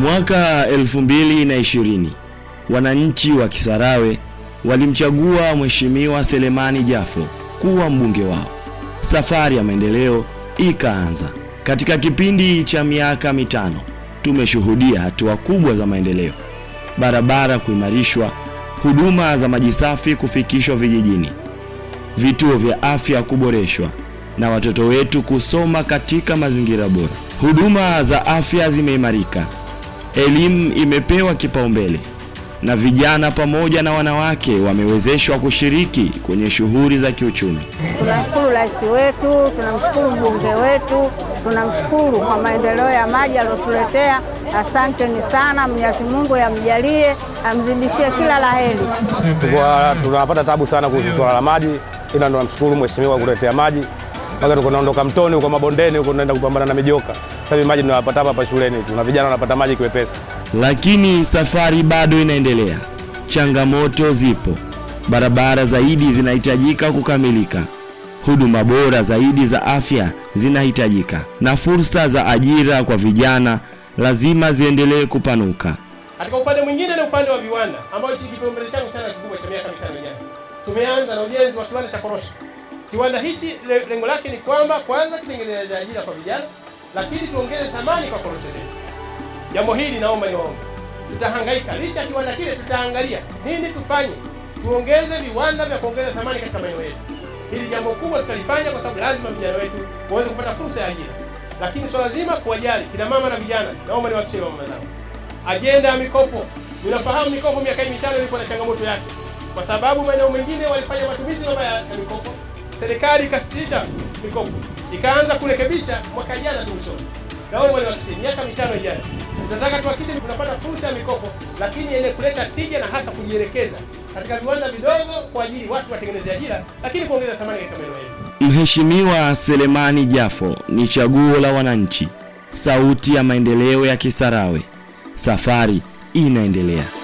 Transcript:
Mwaka 2020 wananchi wa Kisarawe walimchagua Mheshimiwa Selemani Jafo kuwa mbunge wao. Safari ya maendeleo ikaanza. Katika kipindi cha miaka mitano tumeshuhudia hatua kubwa za maendeleo: barabara kuimarishwa, huduma za maji safi kufikishwa vijijini, vituo vya afya kuboreshwa na watoto wetu kusoma katika mazingira bora. Huduma za afya zimeimarika elimu imepewa kipaumbele na vijana pamoja na wanawake wamewezeshwa kushiriki kwenye shughuli za kiuchumi. Tunamshukuru rais wetu, tunamshukuru mbunge wetu, tunamshukuru kwa maendeleo ya maji aliyotuletea. Asanteni sana, Mwenyezi Mungu yamjalie, amzidishie kila la heri. Tunapata tabu sana kuhusu swala la maji, ila tunamshukuru mheshimiwa kuletea maji paka tuko naondoka mtoni huko mabondeni huko naenda kupambana na mijoka. Sasa maji tunayapata hapa hapa shuleni tu na vijana wanapata maji kiwepesi. Lakini safari bado inaendelea, changamoto zipo, barabara zaidi zinahitajika kukamilika, huduma bora zaidi za afya zinahitajika, na fursa za ajira kwa vijana lazima ziendelee kupanuka. Katika upande mwingine ni upande wa viwanda, ambao hiki kipaumbele changu tena kikubwa cha miaka mitano ijayo, tumeanza na ujenzi wa kiwanda cha korosho. Kiwanda hichi lengo lake ni kwamba kwanza kitengeneze ajira kwa vijana, lakini tuongeze thamani kwa korosho zetu. Jambo hili naomba niwaombe, tutahangaika licha ya kiwanda kile, tutaangalia nini tufanye, tuongeze viwanda vya kuongeza thamani katika maeneo yetu. Hili jambo kubwa tutalifanya kwa sababu lazima vijana wetu waweze kupata fursa ya ajira, lakini swala zima kuwajali kina mama na vijana, naomba niwahakishie mama zangu, ajenda ya mikopo. Ninafahamu mikopo miaka mitano ilikuwa na changamoto yake, kwa sababu maeneo mengine walifanya matumizi mabaya ya mikopo serikali ikasitisha mikopo ikaanza kurekebisha mwaka jana tu mwishoni. Naomba niwahakikishie, miaka mitano ijayo tunataka tuhakikishe tunapata fursa ya mikopo, lakini yenye kuleta tija na hasa kujielekeza katika viwanda vidogo kwa ajili watu watengeneze ajira, lakini kuongeza thamani katika maeneo yetu. Mheshimiwa Selemani Jafo ni chaguo la wananchi, sauti ya maendeleo ya Kisarawe. Safari inaendelea.